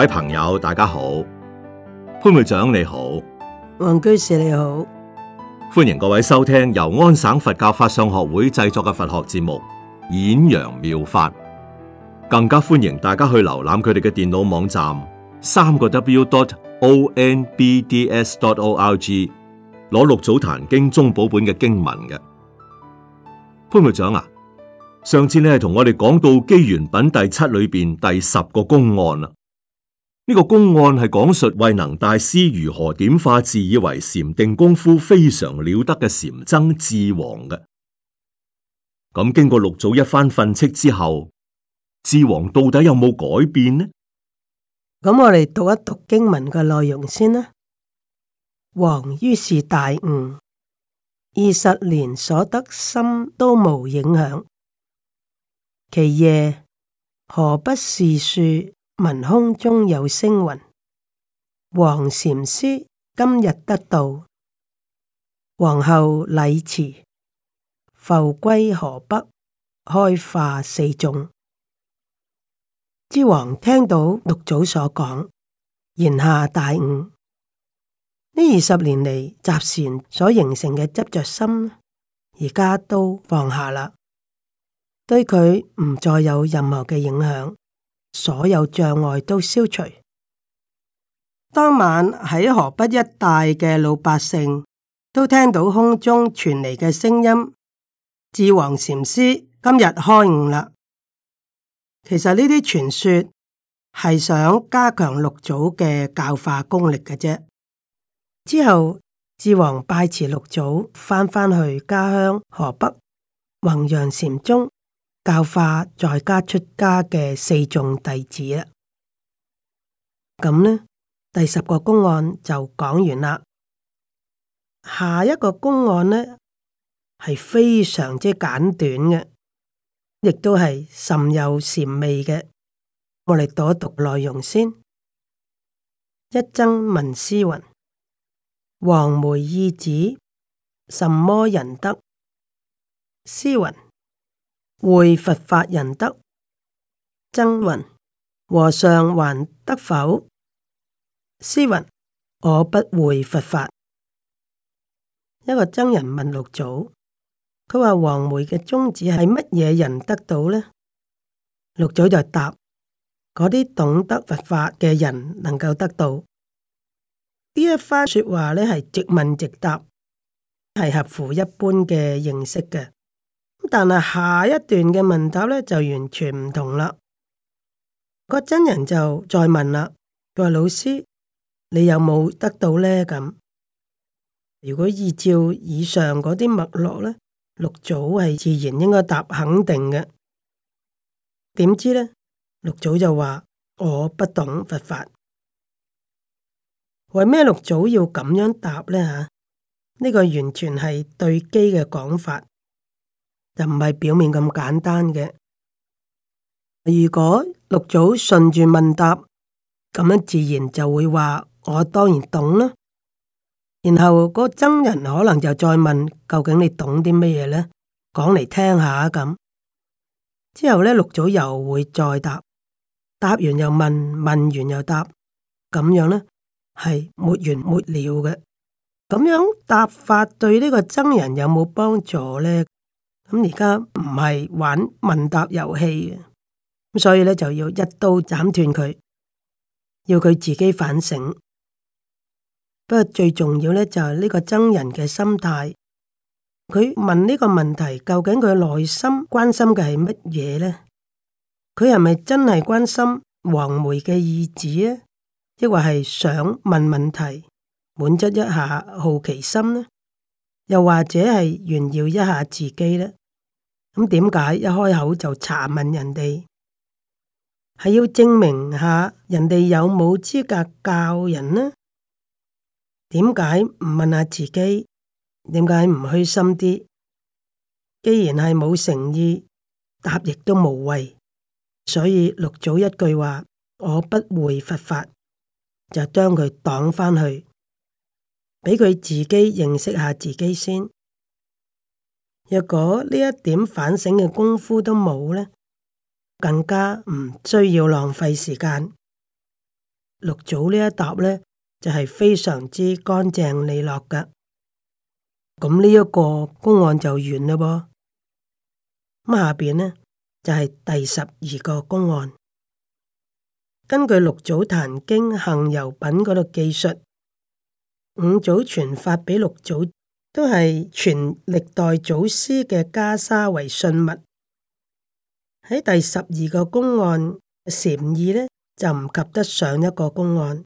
各位朋友，大家好，潘會長你好，黃居士你好，歡迎各位收聽由安省佛教法相學會製作嘅佛學節目《演揚妙法》，更加歡迎大家去瀏覽佢哋嘅電腦網站：三個 w dot o n b d s dot o r g，攞六祖壇經中寶本嘅經文嘅。潘會長啊，上次你係同我哋講到《機緣品》第七裏邊第十個公案啦。呢個公案係講述慧能大師如何點化自以為禪定功夫非常了得嘅禪僧智王嘅。咁經過六祖一番訓斥之後，智王到底有冇改變呢？咁我哋讀一讀經文嘅內容先啦。王於是大悟，二十年所得心都冇影響。其夜何不是說？聞空中有聲云，隍禪師今日得道，隍後禮辭，復歸河北，開化四眾。智隍聽到六祖所講，言下大悟。呢二十年嚟習禪所形成嘅執着心，而家都放下啦，對佢唔再有任何嘅影響。所有障礙都消除，當晚喺河北一帶嘅老百姓都聽到空中傳嚟嘅聲音：智王禪師今日開悟啦！其實呢啲傳說係想加強六祖嘅教化功力嘅啫。之後，智王拜辭六祖，翻返去家鄉河北弘揚禪宗。教化在家出家嘅四眾弟子啦，咁呢第十個公案就講完啦。下一個公案呢係非常之簡短嘅，亦都係甚有禪味嘅。我哋讀一讀內容先。一僧問師云：黃梅意旨什麼人得？師云。會佛法人得，僧云：和尚還得否？師云：我不會佛法。一個僧人問六祖，佢話黃梅嘅宗旨係乜嘢人得到呢？六祖就答：嗰啲懂得佛法嘅人能夠得到。呢一番說話呢，係直問直答，係合乎一般嘅認識嘅。但係下一段嘅問答咧就完全唔同啦。個真人就再問啦，佢話老師，你有冇得到咧？咁如果依照以上嗰啲脈絡咧，六祖係自然應該答肯定嘅。點知咧，六祖就話我不懂佛法。為咩六祖要咁樣答咧？吓，啊，呢，這個完全係對機嘅講法。就唔係表面咁簡單嘅。如果六祖順住問答咁樣，自然就會話我當然懂啦。然後個僧人可能就再問，究竟你懂啲咩嘢呢？講嚟聽下咁。之後呢，六祖又會再答，答完又問，問完又答，咁樣呢係沒完沒了嘅。咁樣答法對呢個僧人有冇幫助呢？咁而家唔係玩問答遊戲嘅，所以咧就要一刀斬斷佢，要佢自己反省。不過最重要咧就係呢個僧人嘅心態，佢問呢個問題，究竟佢內心關心嘅係乜嘢呢？佢係咪真係關心黃梅嘅意志呢？抑或係想問問題，滿足一下好奇心呢？又或者係炫耀一下自己呢？咁點解一開口就查問人哋，係要證明下人哋有冇資格教人呢？點解唔問下自己？點解唔虛心啲？既然係冇誠意，答亦都無謂。所以六祖一句話：我不會佛法，就將佢擋翻去，俾佢自己認識下自己先。若果呢一點反省嘅功夫都冇咧，更加唔需要浪費時間。六祖呢一答咧就係、是、非常之乾淨利落嘅，咁呢一個公案就完嘞。噃。咁下邊咧就係、是、第十二個公案，根據六祖壇經行由品嗰度記述，五祖傳法俾六祖。都係傳歷代祖師嘅袈裟為信物，喺第十二個公案，禪意呢就唔及得上一個公案，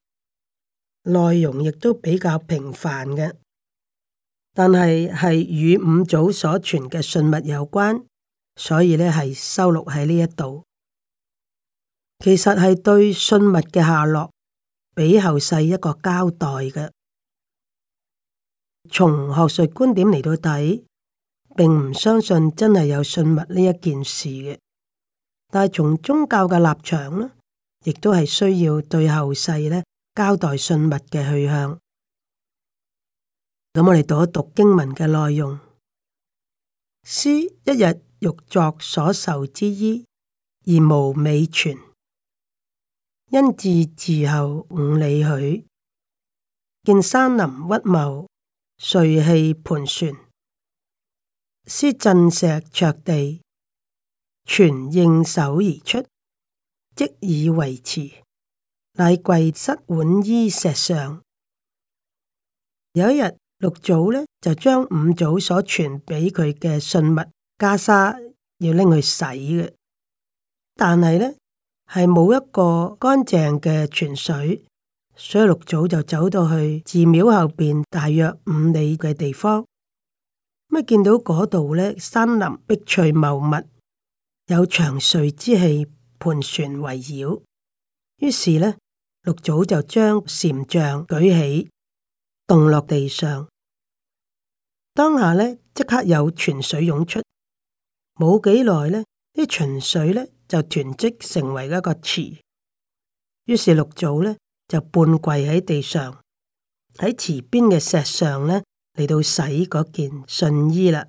內容亦都比較平凡嘅，但係係與五祖所傳嘅信物有關，所以呢係收錄喺呢一度，其實係對信物嘅下落俾後世一個交代嘅。從學術觀點嚟，到底，並唔相信真係有信物呢一件事嘅。但係從宗教嘅立場呢，亦都係需要對後世咧交代信物嘅去向。咁我哋讀一讀經文嘅內容。詩一日欲作所受之衣，而無美全，因自字後五里許，見山林鬱茂。隨氣盤旋，施震石卓地，泉應手而出，即以維持。乃跪膝碗衣石上。有一日，六祖呢，就將五祖所傳畀佢嘅信物袈裟，要拎去洗嘅，但係呢，係冇一個乾淨嘅泉水。所以六祖就走到去寺廟後邊大約五里嘅地方，乜見到嗰度呢山林碧翠茂密，有長穗之氣盤旋圍繞。於是呢，六祖就將禪杖舉起，動落地上，當下呢，即刻有泉水湧出，冇幾耐呢，啲泉水呢就囤積成為一個池。於是六祖呢。就半跪喺地上，喺池邊嘅石上呢，嚟到洗嗰件信衣啦。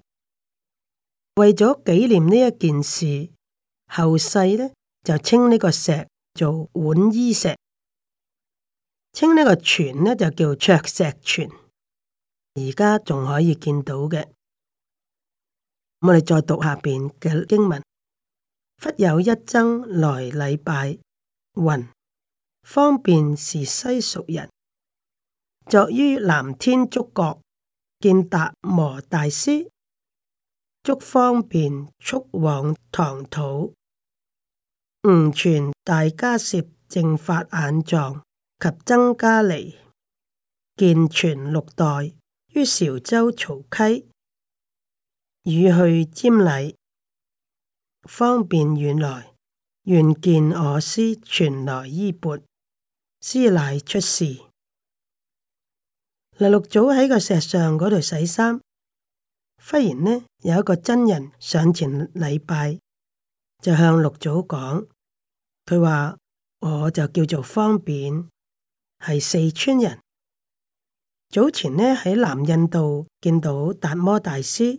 為咗紀念呢一件事，後世呢就稱呢個石做浣衣石，稱呢個泉呢就叫卓石泉。而家仲可以見到嘅。我哋再讀下邊嘅經文：忽有一僧來禮拜云。方便是西蜀人，作於南天竺國，見達摩大師，祝方便速往唐土，誤傳大家攝正法眼藏及增加利，見傳六代於韶州曹溪，已去瞻禮，方便遠來，願見我師傳來衣缽。師奶出事，嗱，六祖喺個石上嗰度洗衫，忽然呢有一個真人上前禮拜，就向六祖講：佢話我就叫做方便，係四川人，早前呢喺南印度見到達摩大師，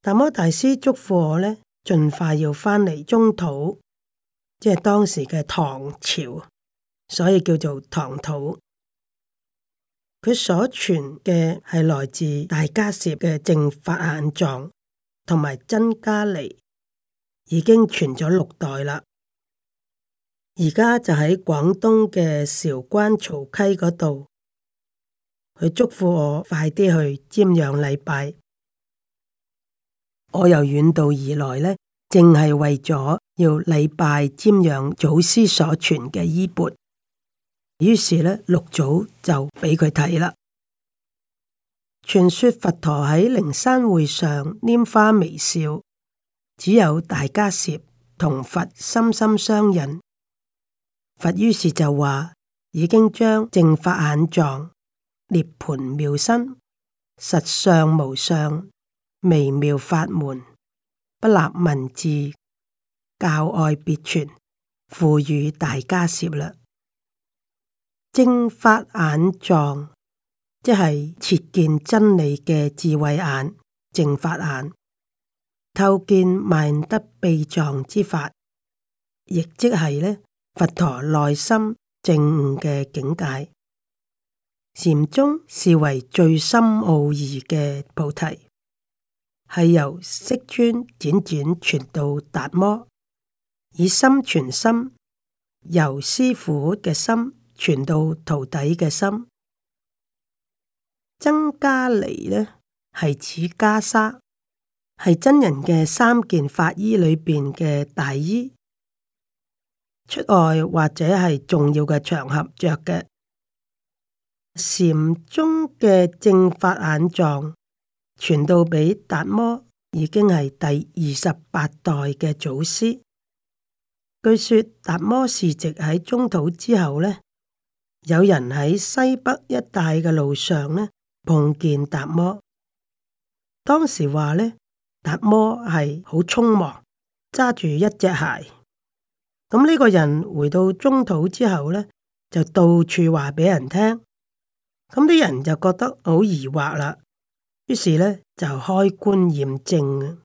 達摩大師囑咐我呢，盡快要翻嚟中土，即係當時嘅唐朝。所以叫做唐土，佢所傳嘅係來自大迦葉嘅正法眼藏，同埋僧伽梨已經傳咗六代啦。而家就喺廣東嘅韶關曹溪嗰度，佢祝福我快啲去瞻仰禮拜。我由遠道而來呢，淨係為咗要禮拜瞻仰祖師所傳嘅衣缽。於是咧，六祖就畀佢睇啦。傳說佛陀喺靈山會上拈花微笑，只有大迦葉同佛心心相印。佛於是就話：已經將正法眼藏、涅槃妙身、實相無相、微妙法門不立文字、教外別傳，賦予大迦葉嘞。正法眼藏，即係切見真理嘅智慧眼、正法眼，透見萬德秘藏之法，亦即係呢佛陀內心正悟嘅境界。禪宗視為最深奧義嘅菩提，係由釋尊輾轉，轉，轉傳到達摩，以心傳心，由師傅嘅心，傳到徒弟嘅心，僧伽梨呢，係指袈裟，係真人嘅三件法衣裏邊嘅大衣，出外或者係重要嘅場合着嘅。禪宗嘅正法眼藏傳到俾達摩，已經係第二十八代嘅祖師。據說達摩示寂喺中土之後呢。有人喺西北一帶嘅路上呢，碰見達摩。當時話呢，達摩係好匆忙，揸住一隻鞋。咁、嗯、呢、這個人回到中土之後呢，就到處話俾人聽。咁、嗯、啲人就覺得好疑惑啦。於是呢，就開棺驗證。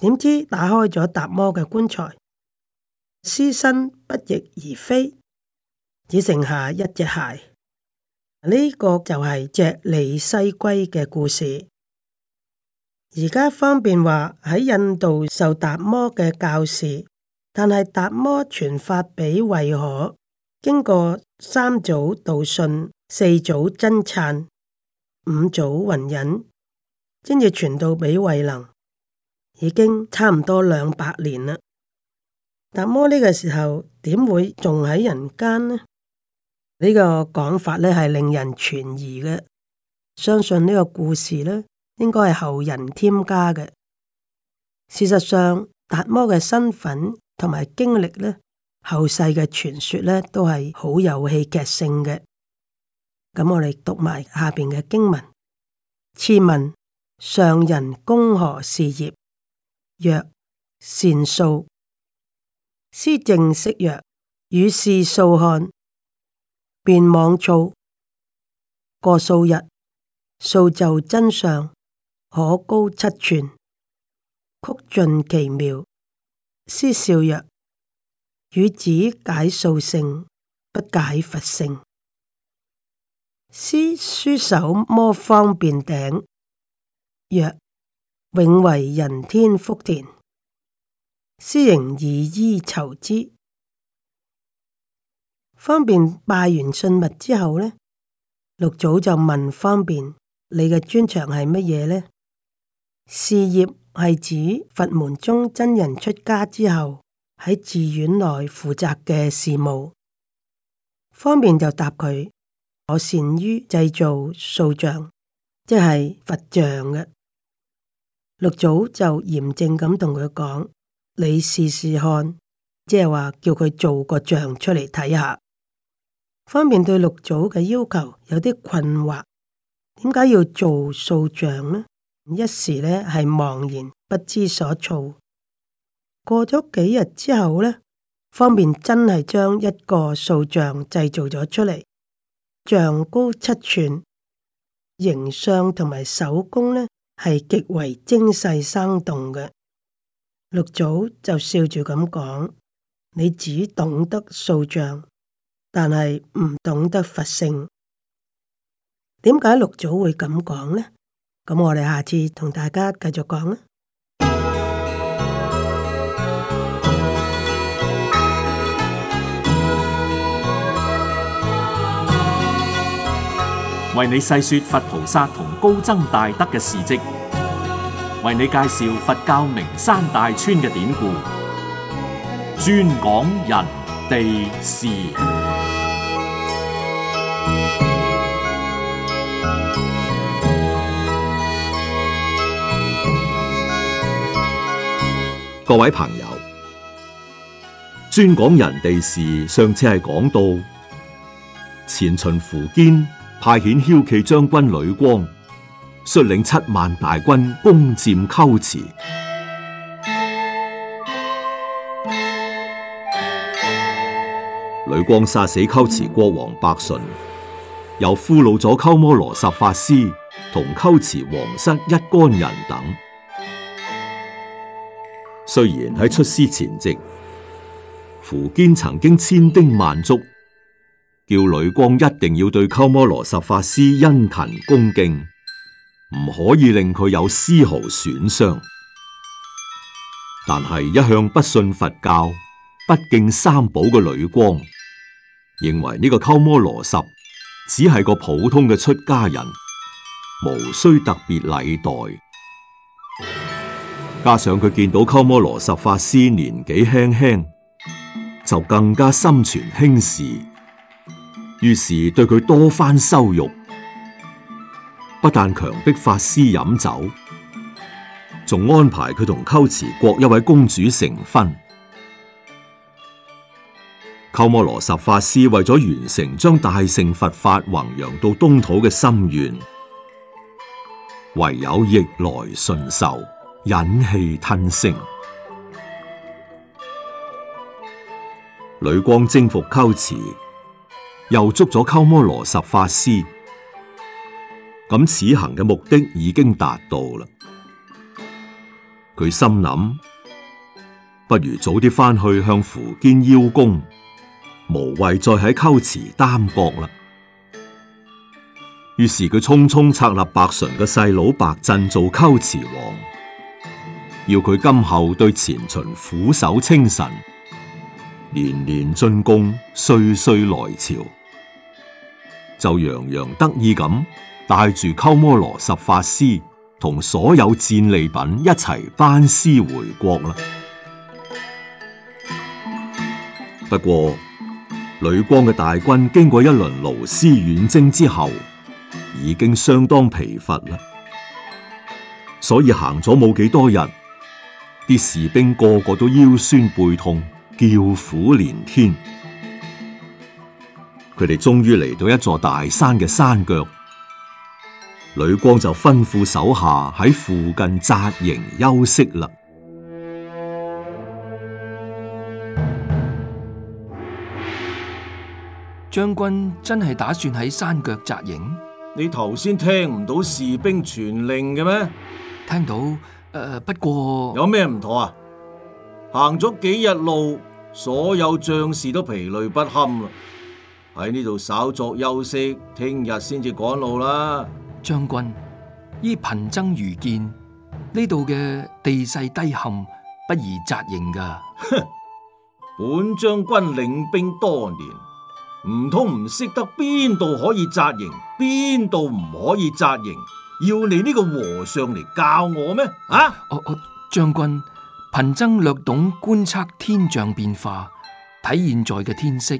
點知打開咗達摩嘅棺材，屍身不翼而飛。只剩下一隻鞋，呢、呢個就係隻履西歸嘅故事。而家方便話喺印度受達摩嘅教示，但係達摩傳法俾慧可，經過三祖道信、四祖僧璨、五祖弘忍，先至傳到畀慧能，已經差唔多兩百年啦。達摩呢個時候點會仲喺人間呢？呢個講法呢係令人存疑嘅，相信呢個故事呢應該係後人添加嘅。事實上，達摩嘅身份同埋經歷呢，後世嘅傳說呢都係好有戲劇性嘅。咁我哋讀埋下邊嘅經文：次問上人公何事業？若善數，思正色曰：與世數看。便罔措，過數日，數就真相，可高七寸，曲盡其妙。師笑曰：與子解數性，不解佛性。師舒手摩方便頂，曰：永為人天福田。師仍以衣酬之。方便拜完信物之後呢，六祖就問方便：你嘅專長係乜嘢呢？」「事業係指佛門中真人出家之後喺寺院內負責嘅事務。方便就答佢：我善於製造塑像，即係佛像嘅。六祖就嚴正咁同佢講：你試試看，即係話叫佢做個像出嚟睇下。方便對六祖嘅要求有啲困惑，點解要做塑像呢？一時呢係茫然不知所措。過咗幾日之後呢，方便真係將一個塑像製造咗出嚟，像高七寸，形相同埋手工呢係極為精細生動嘅。六祖就笑住咁講：你只懂得塑像。但係唔懂得佛性，點解六祖會咁講呢？咁我哋下次同大家繼續講呢。為你細說佛菩薩同高僧大德嘅事蹟，為你介紹佛教名山大川嘅典故，專講人地事。各位朋友，專講人哋事。上次係講到前秦苻堅派遣驍騎將軍呂光率領七萬大軍攻占龜茲，呂光殺死龜茲國王百順，又俘虜咗鳩摩羅什法師同龜茲王室一干人等。雖然喺出師前夕，苻堅曾經千叮萬囑，叫呂光一定要對鳩摩羅什法師殷勤恭敬，唔可以令佢有絲毫損傷。但係一向不信佛教、不敬三寶嘅呂光，認為呢個鳩摩羅什只係個普通嘅出家人，無需特別禮待。加上佢見到鳩摩羅什法師年紀輕輕，就更加心存輕視，於是對佢多番羞辱。不但強迫法師飲酒，仲安排佢同龜茲國一位公主成婚。鳩摩羅什法師為咗完成將大乘佛法弘揚到東土嘅心願，唯有逆來順受。忍氣吞聲，呂光征服龜茲，又捉咗鳩摩羅什法師，咁此行嘅目的已經達到啦。佢心諗，不如早啲翻去向苻堅邀功，無謂再喺龜茲耽擱啦。於是佢匆匆策立白純嘅細佬白震做龜茲王。要佢今後對前秦俯首稱臣，年年進貢，歲歲來朝，就洋洋得意咁帶住鳩摩羅什法師同所有戰利品一齊班師回國啦。不過呂光嘅大軍經過一輪勞師遠征之後，已經相當疲乏啦，所以行咗冇幾多日。啲士兵個個都腰酸背痛，叫苦連天。佢哋終於嚟到一座大山嘅山腳，呂光就吩咐手下喺附近紮營休息啦。將軍真係打算喺山腳紮營？你頭先聽唔到士兵傳令嘅咩？聽到。誒、呃，不過有咩唔妥啊？行咗幾日路，所有將士都疲累不堪啦。喺呢度稍作休息，聽日先至趕路啦。將軍，依貧僧愚見，呢度嘅地勢低陷，不宜紮營噶。哼！ 本將軍領兵多年，唔通唔識得邊度可以紮營，邊度唔可以紮營？要你呢個和尚嚟教我咩？啊！我我、oh, oh, 將軍，貧僧略懂觀測天象變化，睇現在嘅天色，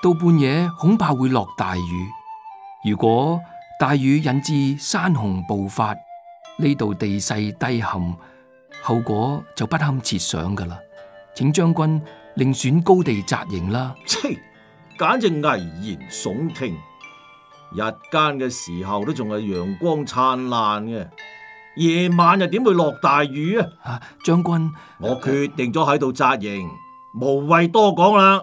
到半夜恐怕會落大雨。如果大雨引致山洪暴發，呢度地勢低陷，後果就不堪設想㗎喇。請將軍另選高地紮營啦。切， 簡直危言聳聽。日間嘅時候都仲係陽光燦爛嘅，夜晚又點會落大雨啊？將軍，我決定咗喺度紮營，無謂多講啦。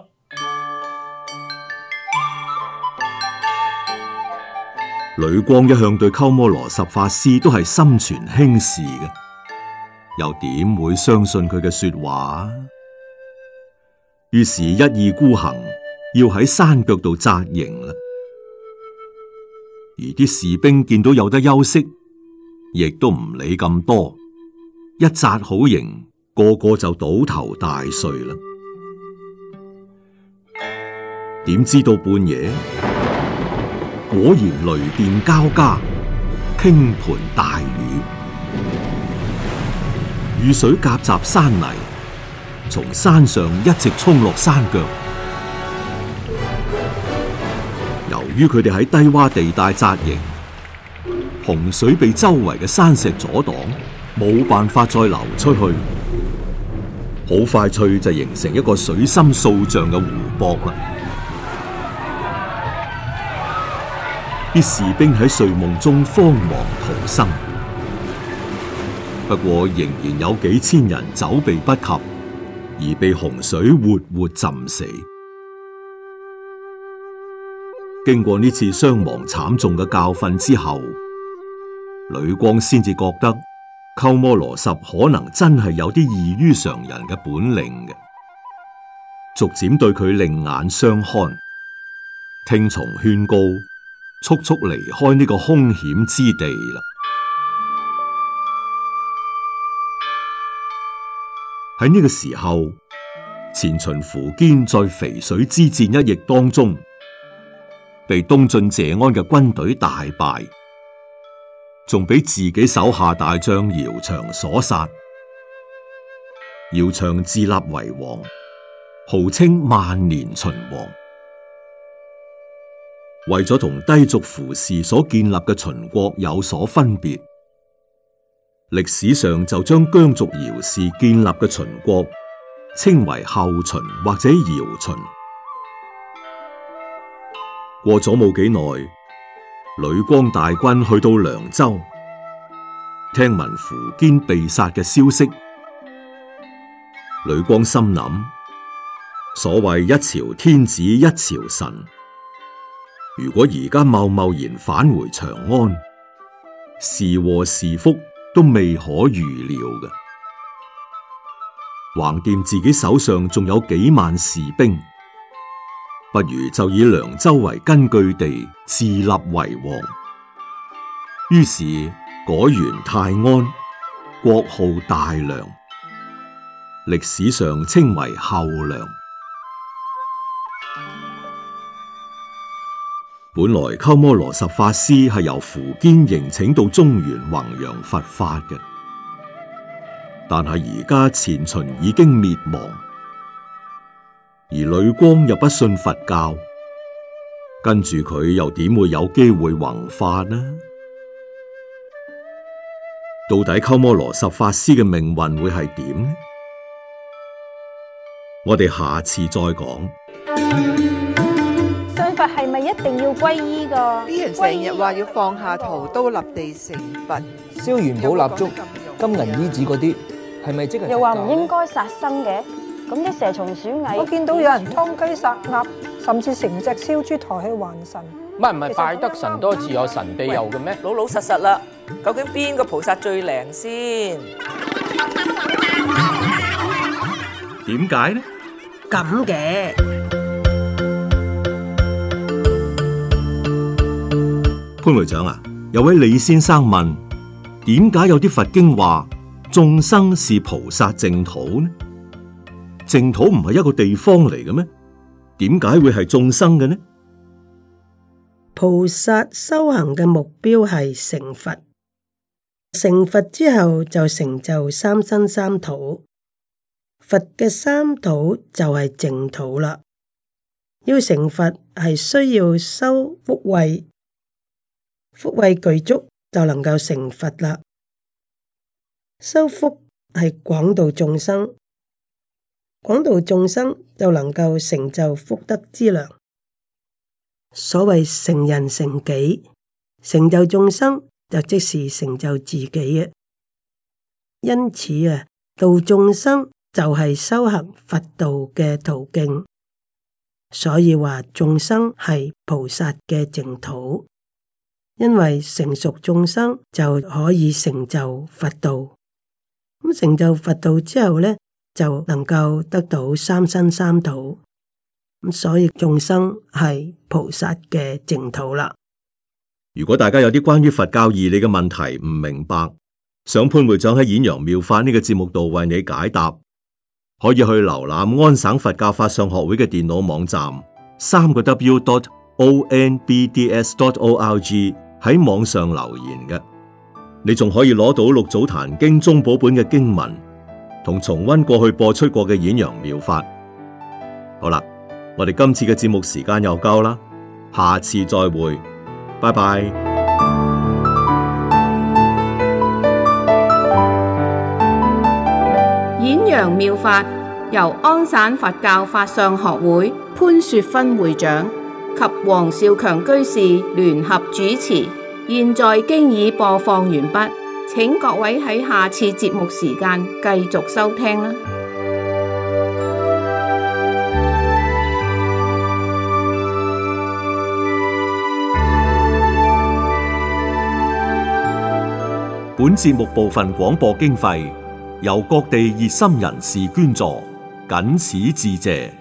呂光一向對鳩摩羅什法師都係心存輕視嘅，又點會相信佢嘅說話？於是，一意孤行，要喺山腳度紮營啦。而啲士兵見到有得休息，亦都唔理咁多，一紮好營，個個就倒頭大睡啦。點知道半夜，果然雷電交加，傾盆大雨，雨水夾雜山泥，從山上一直衝落山腳。於佢哋喺低洼地帶紮營，洪水被周圍嘅山石阻擋，冇辦法再流出去，好快脆就形成一個水深數丈嘅湖泊啦。啲士兵喺睡夢中慌忙逃生，不過仍然有幾千人走避不及，而被洪水活活浸死。經過呢次傷亡慘重嘅教訓之後，呂光先至覺得鳩摩羅什可能真係有啲異於常人嘅本領嘅，逐漸對佢另眼相看，聽從勸告，速速離開呢個兇險之地啦。喺呢個時候，前秦苻堅在淝水之戰一役當中。被東晉謝安嘅軍隊大敗，仲俾自己手下大將姚萇所殺。姚萇自立為王，號稱萬年秦王。為咗同氐族苻氏所建立嘅秦國有所分別，歷史上就將羌族姚氏建立嘅秦國稱為後秦或者姚秦。過咗冇幾耐，呂光大軍去到涼州，聽聞苻堅被殺嘅消息，呂光心諗：所謂一朝天子一朝臣，如果而家貿貿然返回長安，是禍是福都未可預料嘅。橫掂自己手上仲有幾萬士兵。不如就以涼州為根據地自立為王，於是改元太安，國號大涼，歷史上稱為後涼。本來鳩摩羅什法師係由苻堅迎請到中原弘揚佛法嘅，但係而家前秦已經滅亡。而呂光又不信佛教，跟住佢又點會有機會宏法呢？到底鳩摩羅什法師嘅命運會係點呢？我哋下次再講。信佛係咪一定要皈依㗎？啲人成日話要放下屠刀立地成佛，燒元寶蠟燭、有有金銀衣紙嗰啲，係咪即係？又話唔應該殺生嘅？咁啲蛇蟲鼠蟻，我見到有人劏雞殺鴨，甚至成隻燒豬抬起還神。唔係唔係，拜得神多自有神庇佑嘅咩？老老實實啦，究竟邊個菩薩最靈先？點解呢？咁嘅潘會長啊，有位李先生問：點解有啲佛經話眾生是菩薩淨土呢？淨土唔係一個地方嚟嘅咩？點解會係眾生嘅呢？菩薩修行嘅目標係成佛，成佛之後就成就三身三土，佛嘅三土就係淨土啦。要成佛係需要修福慧，福慧具足就能夠成佛啦。修福係廣度眾生。講到眾生就能夠成就福德之量，所謂成人成己，成就眾生就即是成就自己啊！因此啊，度眾生就係修行佛道嘅途徑，所以話眾生係菩薩嘅淨土，因為成熟眾生就可以成就佛道。咁成就佛道之後呢？就能夠得到三生三土，咁所以眾生係菩薩嘅淨土啦。如果大家有啲關於佛教義理嘅問題唔明白，想潘會長喺演揚妙法呢個節目度為你解答，可以去瀏覽安省佛教法相學會嘅電腦網站，三個 w.dot.o.n.b.d.s.dot.o.r.g 喺網上留言嘅，你仲可以攞到六祖壇經中寶本嘅經文。同重溫過去播出過嘅演揚妙法。好啦，我哋今次嘅節目時間又夠啦，下次再會，拜拜。演揚妙法由安省佛教法相學會潘雪芬會長及黃少強居士聯合主持，現在經已播放完畢。請各位喺下次節目時間繼續收聽啦。本節目部分廣播經費由各地熱心人士捐助，謹此致謝。